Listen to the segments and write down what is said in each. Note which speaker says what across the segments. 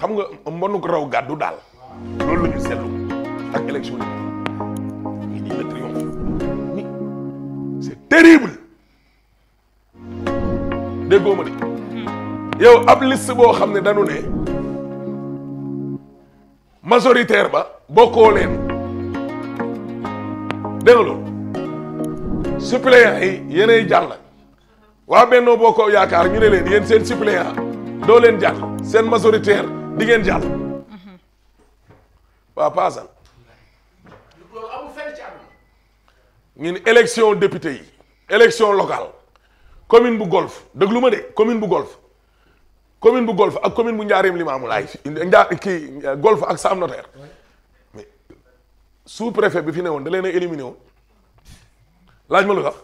Speaker 1: xam nga mbonuk raw gàddu daal loolu la ñu seetlu ak élection nii la terrible déggoo ma de yow ab list boo xam ne dañu ne majoritaire ba bokkoo leen dégg nga loolu suppléant yi yéenay jàll waa Benno Bokk Yaakaar ñu ne leen yéen seen suppléant doo leen jàll seen majoritaire di ngeen jàll. waa Paasan.
Speaker 2: loolu amul fenn ci àdduna.
Speaker 1: ngeen élection député yi. élection locale. commune bu golf déglu ma de commune bu golf. commune bu golf ak commune bu Njaareem Limaamulaay njaar kii golf ak Sam Notaire. mais sous préfet bi fi ne woon da leen a éliminé woon. laaj ma lu tax.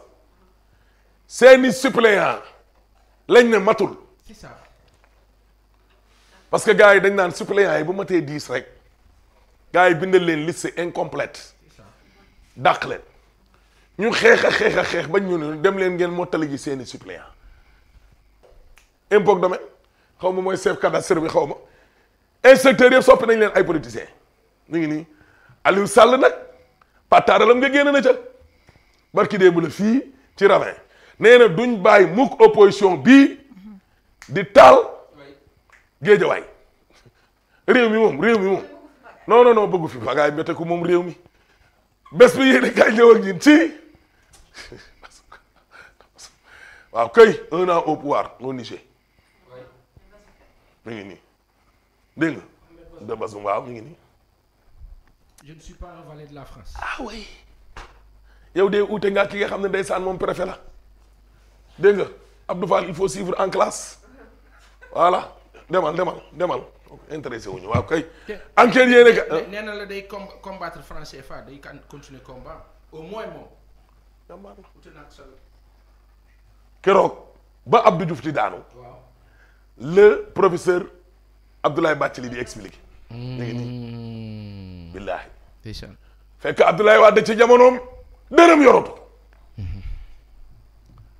Speaker 1: seeni suppléant lañ ne matul. c'est parce que gars yi dañ naan suppléants yi bu matee dix rek gars yi bindal leen liste incomplète dàq leen ñu xeex a xeex a xeex ba ñu ne dem leen ngeen mottali gi seeni suppléant impôt domaine xaw ma mooy chef cadastre bi xaw ma inspecteurs yëpp soppi nañ leen ay politiciens ñu ngi nii Aliou Sall nag pataaralam nga génn na ca barki dee bu la fii ci ravin nee na duñ bàyyi mukk opposition bii di taal géejawaay réew mi moom réew mi moom non non non bëggu fi bagaay bete ko moom réew mi bés bi yéen a kaay ci waaw kay un an au pouvoir au Niger mi ngi nii dégg nga de Bazoum waaw mi ngi nii. je ne suis pas un valet de la France. ah yow de uute nga ki nga xam ne ndeysaan moom préfet la dégg nga Abdou Fall il faut suivre en classe voilà demal demal demal. intéressé wuñu waaw kay. enquête yéen rek.
Speaker 2: nee na la day com combattre franc CFA day kan continuer combat au moins moom. jàmbaar la uti
Speaker 1: keroog ba Abdou Diouf di daanu. waaw le professeur Abdoulaye Bathily di expliqué. ñu ngi nii. Hmm. billaahi. ndeysaan. fekk Abdoulaye Wade ci jamonoom dërëm yoratu. Hmm.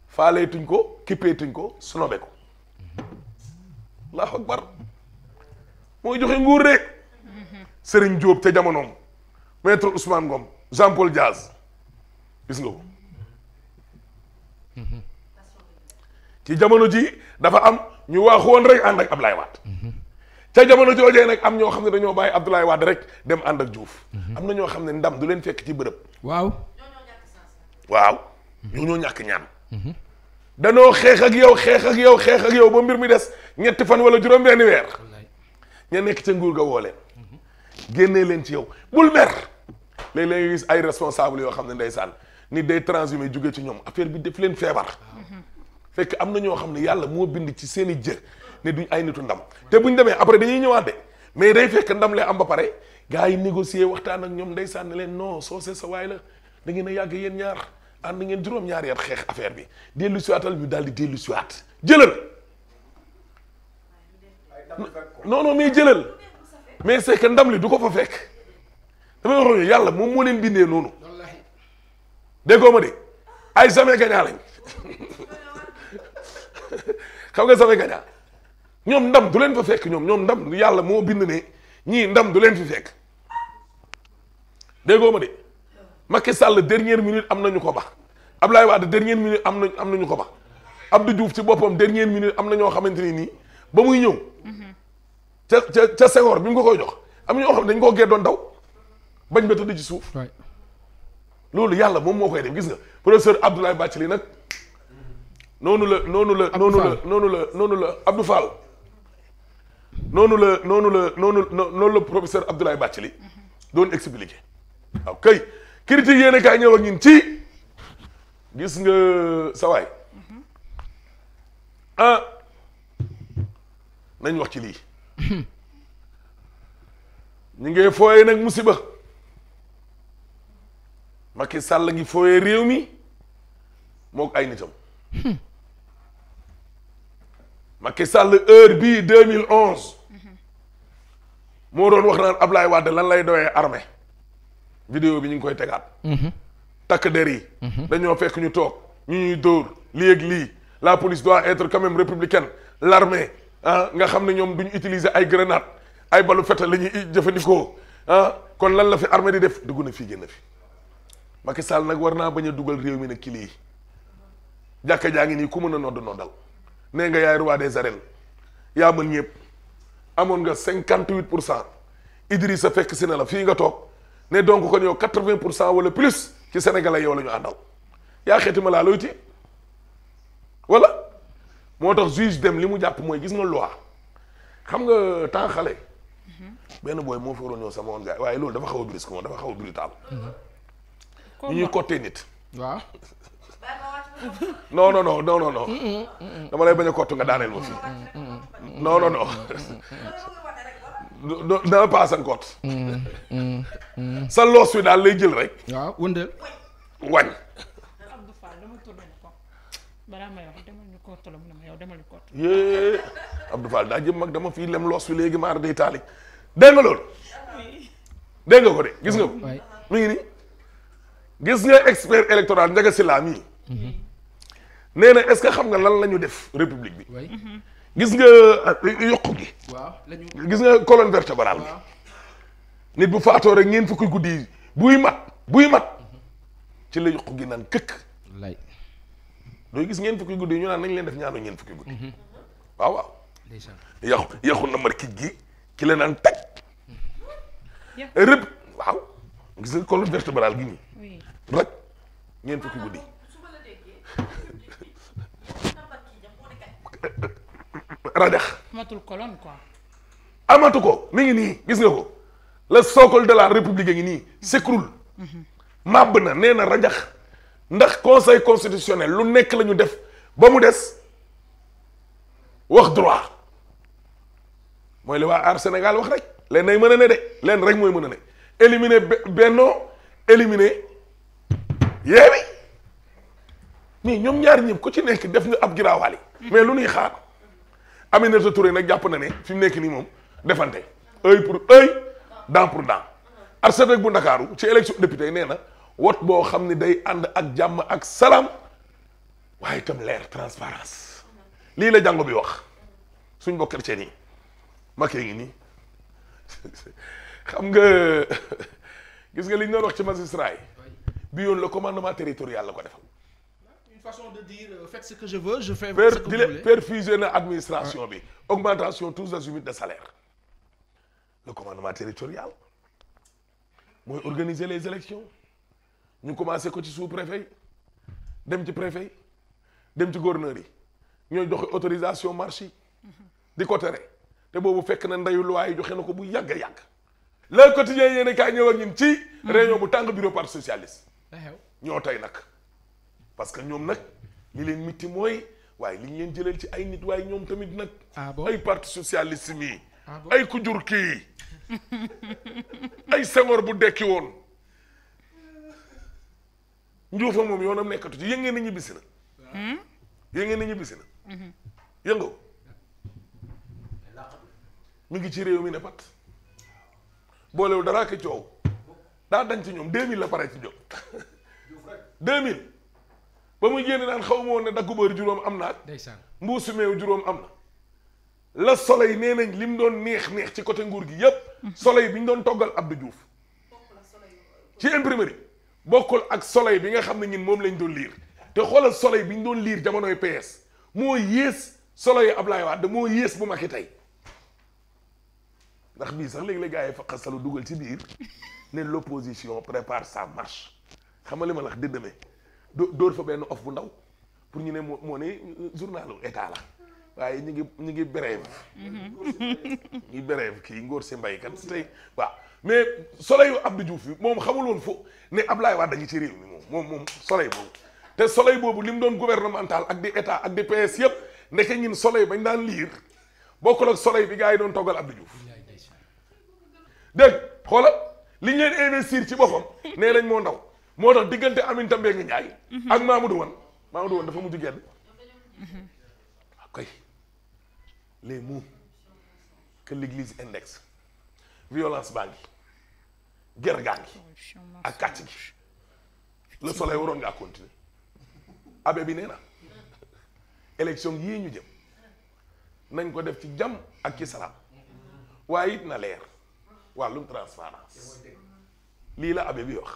Speaker 1: faaleetuñ ko kippeetuñ ko snobe ko. Hmm. allahu akbar mooy joxe nguur de Serigne Diop ca jamonoom maître Ousmane Ngom Jean Paul Diaz gis nga ko ci jamono ji dafa am ñu waaxu woon rek ànd ak Ablaye Wade ca jamono joojee nag am ñoo xam ne dañoo bàyyi Abdoulaye Wade rek dem ànd ak Diouf am na ñoo xam ne ndam du leen fekk ci bërëb waaw waaw ñoo ñàkk ñaan danoo xeex ak yow xeex ak yow xeex ak yow mbir mi des ñetti fan wala juróom benni weer ña nekk ca nguur ga woo leen génnee leen ci yow bul mer léeg-léeg nga gis ay responsable yoo xam ne ndeysaan nit day transhumé jóge ci ñoom affaire bi def leen feebar fekk am na ñoo xam ne yàlla moo bind ci seen i jë ne duñ ay nitu ndam te buñ demee après dañuy ñëwaat de mais day fekk ndam lay am ba pare gars yi négocier waxtaan ak ñoom ndeysaan ne leen non soo see sa waay la da ngeen yàgg yéen ñaar ànd ngeen juróom-ñaari at xeex affaire bi dellu siwaatal ñu daal di dellu siwaat jëlal non non mais jëlal mais ndam li du ko fa fekk dama yàlla moom moo leen bindee noonu déggoo ma de ay jamais gagnant lañ xam nga jamais gagnant ñoom ndam du leen fa fekk ñoom ñoom ndam yàlla moo bind ne ñii ndam du leen fi fekk déggoo ma de Macky Sall dernière minute am nañu ko ba Ablaye Wade dernière minute am nañ am nañu ko ba Abdou Diouf ci boppam dernière minute am na ñoo xamante ni nii ba muy ñëw. ca ca ca Senghor bi mu ko jox am ñoo xam ne dañ ko gee doon daw bañ ba tëdd ci suuf. loolu yàlla moom moo koy def gis nga professeur Abdoulaye Bathily nag noonu la noonu la. noonu la noonu la noonu la Abdou Fall. noonu la noonu la noonu noonu la professeur Abdoulaye Bathily doon expliqué waaw kay critique yéen a kaay ñëw ak ci gis nga sawaay mhm. ah nañ wax ci lii ñu ngi fooye nag musiba Macky Sall ngi fooye réew mi mook ay nitam Macky Sall heure bii deux mille onze moo doon wax naan Ablaye Wade lan lay doyee armée video bi ñu ngi koy tegaat takk der yi dañoo fekk ñu toog ñu ñu dóor lii ak lii la police doit être quand même républicaine l'armée ah nga xam ne ñoom ñu utiliser ay grenade ay balu fetal la ñuy jëfandikoo ah kon lan la fi armée di def dugg na fii génn fi Macky Sall nag war naa bañ a dugal réew mi ne kii lii jàkka jaa ngi nii ku mën a nodd noddal nee nga yaay roi des arènes yaa mën ñëpp amoon nga cinquante huit pour cent Idrissa fekk si ne la fii nga toog ne donc kon yow quatre vingt pour cent wala plus ci sénégalais yow la ñu àndal yaa xeeti ma laa looy tiit wala. moo tax juge dem li mu jàpp mooy gis nga loi xam nga temps xale. benn booy moo fi waroon ñëw sama woon gars waaye loolu dafa xaw a brisque moom dafa xaw a brutal. ñu ñuy côté nit. waaw. non non non non non. dama lay bañ a kottu nga daaneel ma fii. non non non. dana paasan kot sa loos wi daal lay jël rek. waaw wëndeel. wañ.
Speaker 2: kott la mu ne ma yow demali
Speaker 1: yee Abdou Fall mag dama fii lem loos fi léegi maar day taali dégg nga loolu. ko de gis nga ko. mi gis nga expert électoral Ndiaga Sylla mii. Mhm. nee na est-ce que xam nga lan la ñu def république bi. Mhm. gis nga euh, yokku gi. gis nga colonne vertébrale bi. nit bu faatoo rek ñeent fukki guddi buy mat buy mat mhm. ci la yokku gi naan këkk. doo gis ngeen fukki guddi ñu naan nañ leen def ñaanu ngeen fukki guddi mhm. waaw waaw yaxu yaxu na mar gi ki la naan taj rëb waaw gis nga colonne vertébrale gi nii rek ngeen fukki guddi radex amatul ko mi ngi nii gis nga ko le socle de la république ngi nii s'écroule mhm. màbb na nee na rajax ndax conseil constitutionnel lu nekk la def ba mu des wax droit mooy li waa aar Sénégal wax rek leen nay mën a ne de lenn rek mooy mën a ne éliminer Benno éliminer Yewwi mais ñoom ñaar ñëpp ku ci nekk def ñu ab giraawaali mais lu ñuy xaar Aminata Touré nag jàpp na ne fi nekk nii moom defante œil pour œil dent pour dent Arsenal bu Ndakaaru ci élection député nee na wot boo xam ne day ànd ak jàmm ak salaam waaye itam leer transparence lii la jàngo bi wax suñ bokk chrétien yi makee ngi nii xam nga gis nga li ñu doon wax ci magistrat yi bi yoon la commandement territorial la ko defal
Speaker 2: une façon de dire euh, faites ce que je veux je fais ce que vous voulez
Speaker 1: perfusionner administration bi augmentation tous azimuts de salaire le commandement territorial mooy organiser les élections ñu commencé ko ci sous préfet yi dem ci préfet yi dem ci gouverneur yi ñooy joxe autorisation marché yi di ko tere te boobu fekk na ndeyu loi yi joxe na ko bu yàgg a yàgg le quotidien yéen kaay ñëw ak ñun ci hmm. réunion bu tàng bureau parti socialiste ñoo tey nag parce que ñoom nag li leen mitti mooy waaye li leen jëleel ci ay nit waaye ñoom tamit nag ah ay parti socialiste mii ah ay ku jur kii ay Senghor bu dekki woon njuufa moom yoonam nekkatu ci yëngee na ñibbisi na hmm? yëngee na ñibbisi na hmm. yëngu mu ngi ci réew mi ne pat boolewul daraa ki coow daa dañ ci ñoom deux mille la pare ci jot deux mille ba muy génn naan xaw ma woon ne daggu bër juróom am na ak mbuusu meew juróom am na la soleil nee nañ li mu doon neex neex ci côté nguur gi yépp hmm. soleil bi ñu doon toggal Abdou Diouf ci imprimerie bokkul ak soleil bi nga xam ne ñun moom lañ doon liir te xoolal soleil bi ñu doon liir jamonoy PS moo yées soleil Ablaye Wade moo yées bu Macky tey ndax bii sax léegi la gars yi fa xasalu dugal ci biir ne l'opposition prépare sa marche xam nga li ma la wax dëgg demee dóor fa benn of bu ndaw pour ñu ne moo moo ne euh, journalu état la waaye ñu ngi ñu ngi brève mm-hmm. ñu ngi brève kii Ngor si mbay kan tey waaw mais soleil yu Abdou Diouf bi moom xamuloon woon fo ne laay waa dañu ci réew mi moom moom moom soleil boobu te soleil boobu li mu doon gouvernemental ak di état ak di PS yëpp ndeke ñun soleil bañ daan liir bokkul ak soleil bi gars yi doon toggal Abdou Diouf dégg xoola li ñu leen investir ci boppam nee nañ moo ndaw moo tax diggante Aminata Mbengue Ndiaye ak Mamadou Wane Mamadou Wane dafa mujj genn
Speaker 2: waaw ah, koy
Speaker 1: les mots que l'église index violence baa ngi ger gaa ngi ak kàcc gi le soleil waroon ngaa continuer abe bi nee na élection yii ñu jëm nañ ko def ci jam ak ci salaam waaye it na leer wàllum transparence lii la abe bi wax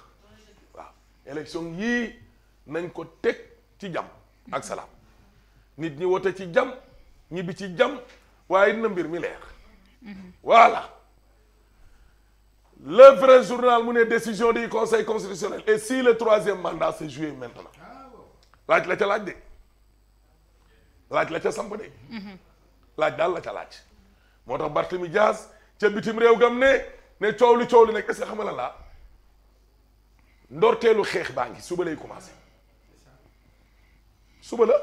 Speaker 1: waaw yii nañ ko teg ci jàmm ak salaam nit ñi wote ci jàmm ñibbi ci jam waaye it na mbir mi leer mm-hmm. voilà le vrai journal mu ne décision du conseil constitutionnel et si le troisième mandat se jouait maintenant laaj la ca laaj de laaj la ca samp de laaj daal la ca laaj moo tax Barthélemy Dias ca bitim réew gam ne ne coow li coow li nag est-ce que laa ndorteelu xeex baa ngi suba lay commencé suba la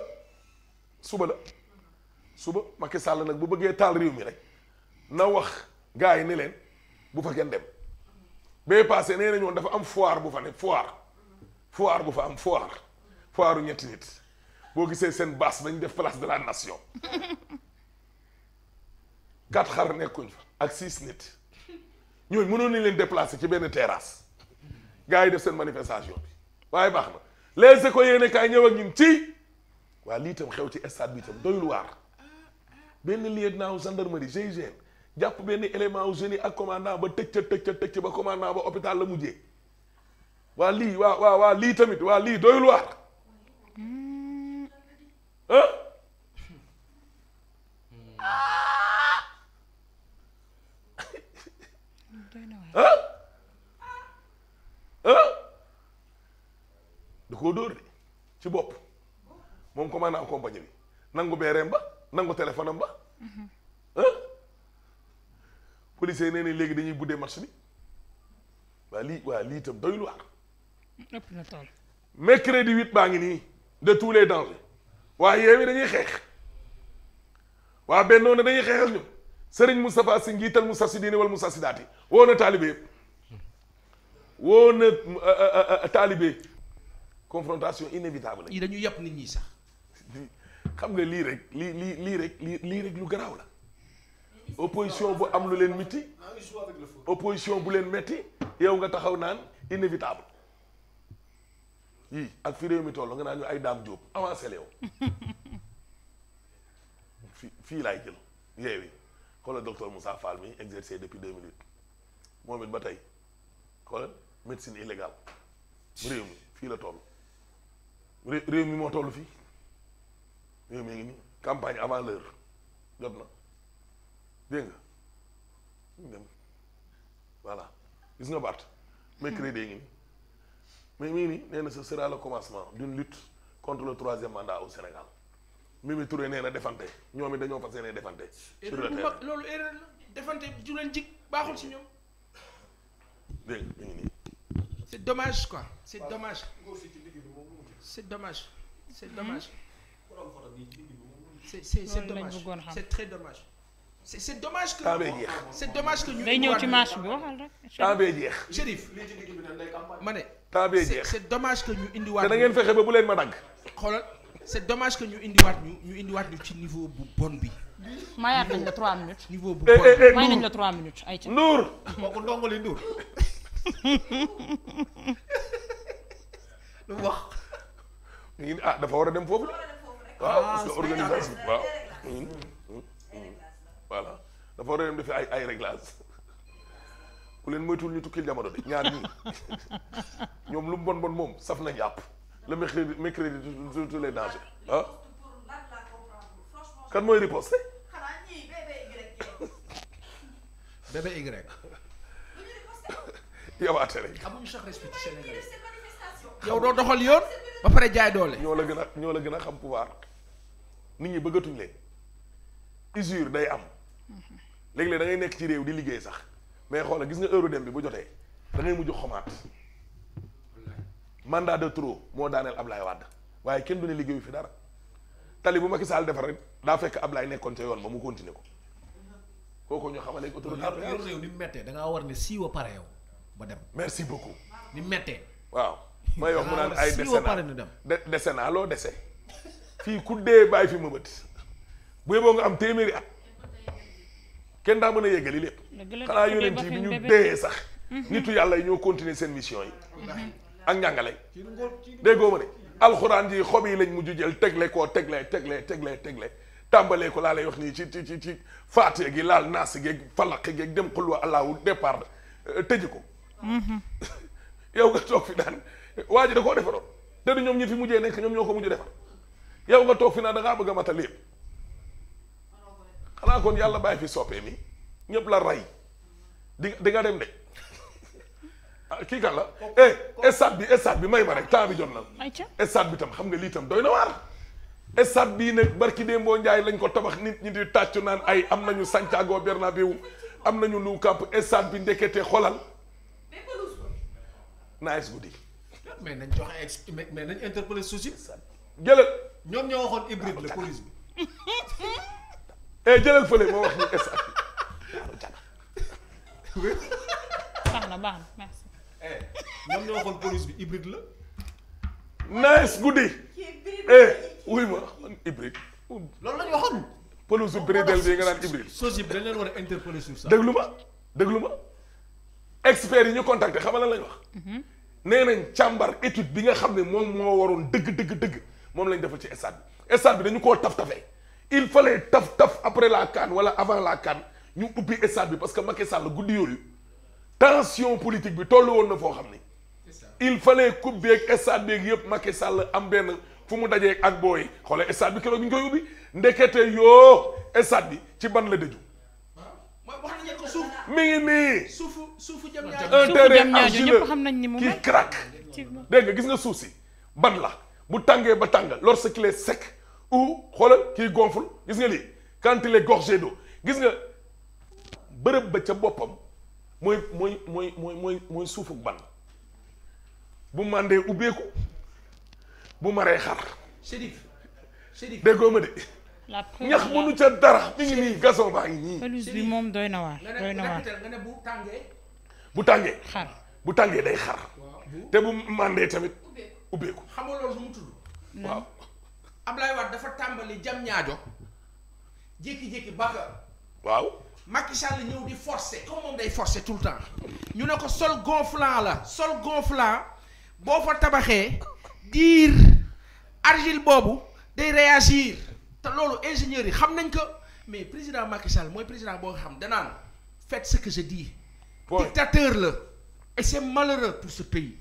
Speaker 1: suba la suba Macky Sall nag bu bëggee taal réew rek na wax gars yi leen bu fa kenn dem bee passé nee nañu woon dafa am foire bu fa ne foire foire bu fa am foire foiru ñetti nit boo gisee seen baas dañ def place de la nation quatre xar nekkuñ fa ak six nit ñooñu mënoon nañ leen déplacer ci benn terrasse gars yi def seen manifestation bi waaye baax na les écoles yéene kaay ñëw ak ñun ci waa lii tam xew ci stade bi tam doyul waar benn lieutenant gendarmerie GIGN jàpp benn élément wu génie ak commandant ba tëj ca ba commandant ba hôpital la mujjee waa lii tamit waa lii doyul waar ah ah ah koo dóor de ci bopp moom commandant compagnie bi nangu beereem ba nangu téléphone am ba policiers yi léegi dañuy buddee marché bi waa lii waa lii itam doyul waar.
Speaker 2: ëpp na tool.
Speaker 1: mercredi huit baa ngi nii de tous les dangers waa Yewwi dañuy xeex waa Benno ne dañuy xeex ak ñoom Serigne Moustapha Sy njiital Moustarchidine wal Moustarchidaty woo na taalibe yëpp woo na euh, euh, euh, taalibe confrontation inévitable. yi dañuy yàpp nit ñi sax. xam nga lii rek lii lii lii rek lii lii rek lu garaaw la. opposition bu am lu leen miti opposition bu leen metti yow nga taxaw naan inévitable yii ak fi réew mi toll nga naan ñu ay daam jóob avancé la fii fii laay jël yeewi xoolal docteur Moussa Fall mi exercé depuis 2008 moom it ba tey xoolal médecine illégale réew mi fii la toll réew mi moo toll fii réew mi ngi nii campagne avant l'heure jot na dégg nga dem voilà gis nga Bart. mercredi ngi nii mais mii nii nee na ce sera commencement d'une lutte contre le troisième mandat au Sénégal Mimi Touré nee na defante ñoom it dañoo fas yéene defante.
Speaker 2: loolu defante ju leen baaxul si ñoom.
Speaker 1: dégg nga mi ngi nii.
Speaker 2: c'est dommage quoi c'est dommage. c'est dommage c'est hmm? dommage. c'est c'est c'est dommage c'est très c' est c' est dommage que. temps bee jeex c' est dommage que ñu. day ñëw ci marché bi waxal rek. temps bee jeex. Chérif ma ne.
Speaker 1: temps bee jeex c'
Speaker 2: est dommage que ñu indiwaat. te da ngeen fexe ba bu leen ma dagg. xoolal c' est dommage que ñu indiwaat ñu ñu indiwaat ñu ci niveau bu bon bi. mayaat nañ la 3 minutes. niveau bu eh, bon bi eh, eh, may nañ la 3 minutes ay ca. Ndour
Speaker 1: kooku ndongoli Ndour. lu wax. ah dafa war a dem foofu de. waaw ah, parce que ah, organisation waaw. dafa war a ay ay réglage ku leen moytuwul ñu tukkil jamono de ñaar ñii ñoom lu mu bon bon moom saf na yàpp le mercredi mercredi tous les dangers ah. kan mooy riposte. bébé Y. yow atere. amuñu sax doo doxal yoon. ba pare jaay doole. ñoo la gën a ñoo la gën a xam pouvoir nit ñi bëggatuñ leen usure day am. Mm-hmm. léegi-léeg da ngay nekk ci réew di liggéey sax mais xoola gis nga heure dem bi bu jotee da ngay mujj xomaat mandat de trop moo daaneel Ablaye Wade waaye kenn du ne liggéeyu fi dara tali bu Macky Sall defar rek daa fekk Ablaye nekkoon ca yoon ba mu continuer ko kooku ñu xamal léegi autorité yor réew ni mettee da ngaa war ne siiwa pare yow ba dem merci beaucoup ni mettee waaw
Speaker 2: may wax mu dem ay décenna
Speaker 1: décenna loo dese fii ku dee bàyyi fi mëbët bu yeboo nga am téeméeri at kenn daa mën a li lépp xanaa yonent yi bi ñu dee sax nitu yàlla yi ñoo continuer seen mission yi mm-hmm. ak njàngale déggoo ma ne alxuraan ji xob yi lañ mujj jël tegle koo tegle tegle tegle tegle tàmbalee ko laa lay nii ci ci ci ci faatiya gi laal naas geeg falaq geeg dem xulwa allahu départ euh, tëj ko mm-hmm. yow nga toog fi daan waa ji da koo defaroon te du ñoom ñi fi mujjee nekk ñoom ñoo ko mujj defar yow nga toog fi naa da ngaa bëgg a matal lépp xanaa kon yàlla bàyyi fi soppee mi ñëpp la rey di di nga dem de ah, kii kan la eh stade bi stade bi may ma rek temps bi jot na stade bi tam xam nga lii tam doy na waar stade bi nag barki Dembo Ndiaye lañ ko tabax nit ñi di tàccu naan ay am nañu Santiago Bernabéu am na ñu Nou Camp stade bi ndekete xolal nice guddi mais nañ joxe ex mais nañ interpellé suuf si jëlal ñoom ñoo waxoon hybride la eh jëlal fële moo wax ni instant bi.
Speaker 2: na baax na merci.
Speaker 1: ñoo eh, waxoon police bi hybride la. nice guddi. eh wuy ma man hybride. loolu lañu wax waxoon. police su bridel bi nga naan hybride. sosi bi a interpeller sur ça. déglu ma déglu ma. experts yi ñu contacté xam lan lañ wax. Mhm. nee nañ càmbar étude bi nga xam ne moom moo waroon dëgg dëgg dëgg moom lañ defal ci estad bi stade bi dañu koo taf tafee. il fallait taf taf après la CAN wala avant la CAN ñu ubbi stade bi parce que Macky Sall guddi yooyu tension politique bi tollu woon na foo xam ni. il fallait coupe beeg stade beeg yëpp Macky Sall am benn fu mu dajee ak booy xool stade bi keroog ñu koy ubbi ndekete yoo stade bi ci ban la dëju.
Speaker 2: mi ngi nii. suufu suufu jëm un terrain argileux qui craque
Speaker 1: dégg nga gis nga suuf si ban la bu tàngee ba tàng lorsqu'il est sec. ou xoolal kii gonfle gis nga lii quand il est gis nga bërëb ba ca boppam mooy mooy mooy mooy mooy mooy suufuk ban bu màndee ubbeeku bu maree xar chérif chérif déggoo ma de ñax mënu ca dara mi ngi nii gazon baa ngi nii moom doy na waar doy na waar bu tàngee bu tàngee xar bu tàngee day xar te bu màndee tamit ubbeeku xam nga loolu mu
Speaker 2: Ablaye Wade dafa tàmbali jam ñaajo jékki-jékki baka waaw Macky Sall ñëw di forcer comme moom day forcer tout le temps ñu ne ko sol gonflant la sol gonflant boo fa tabaxee diir argile boobu day réagir te loolu ingénieurs yi xam nañ ko mais président Macky Sall mooy président boo xam danaan faites ce que je dis dictateur la et c'est malheureux pour ce pays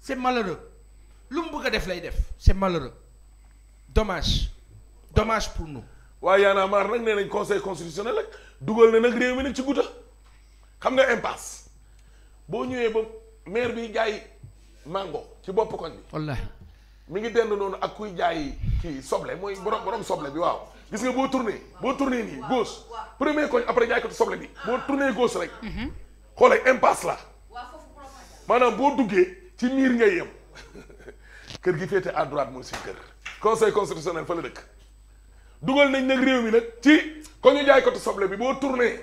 Speaker 2: c'est malheureux lu mu bëgg a def lay def c'est malheureux
Speaker 1: dommage dommage pour nous. waaye Y'en a marre nag nee nañ conseil constitutionnel rek dugal na nag réew mi nag ci gudda xam nga impasse boo ñëwee ba maire bi jaay mango ci bopp koñ bi. wallaahi mu ngi dend noonu ak kuy jaay kii soble mooy borom borom soble bi waaw. gis nga boo tourné boo tourné nii gauche premier koñ après jaay ko soble bi boo tourné gauche rek. Mhm. xoolee impasse la maanaam boo duggee ci miir ngay yem kër gi féete à droite mooy suñu kër. conseil constitutionnel fa la dëkk dugal nañ nag réew mi nag ci ko ñu jaay kotu soble bi boo tourné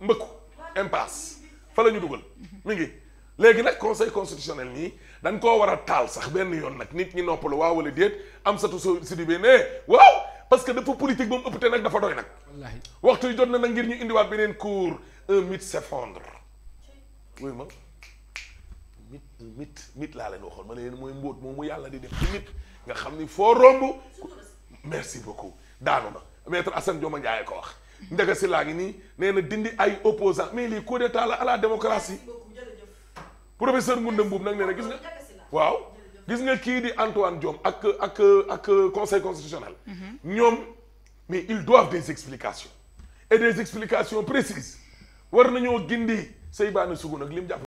Speaker 1: mbëkku impasse fa la ñu dugal mu ngi léegi nag conseil constitutionnel nii dañ koo war a taal sax benn yoon nag nit ñi noppalu waaw wala déet am satu so si di bee nee waaw parce que dafa politique ba mu ëpp te nag dafa doy nag waxtu yu jot na nag ngir ñu indiwaat beneen cours un mythe s'effondre wuyu ma mythe mythe mythe laa leen waxoon ma ne leen mooy mbóot moom mu yàlla di def nga xam ni foo romb merci beaucoup daanu na maître Assane Dioma Ndiaye ko wax ndeka si laa ngi nii nee na dindi ay opposant mais lii coup d'état la à la démocratie professeur Ngounda Mbuub nag nee na gis nga waaw gis nga kii di Antoine jom ak ak ak conseil constitutionnel mhm. ñoom mais ils doivent des explications et des explications précises war nañoo gindi say baana sugu nag lim jàpp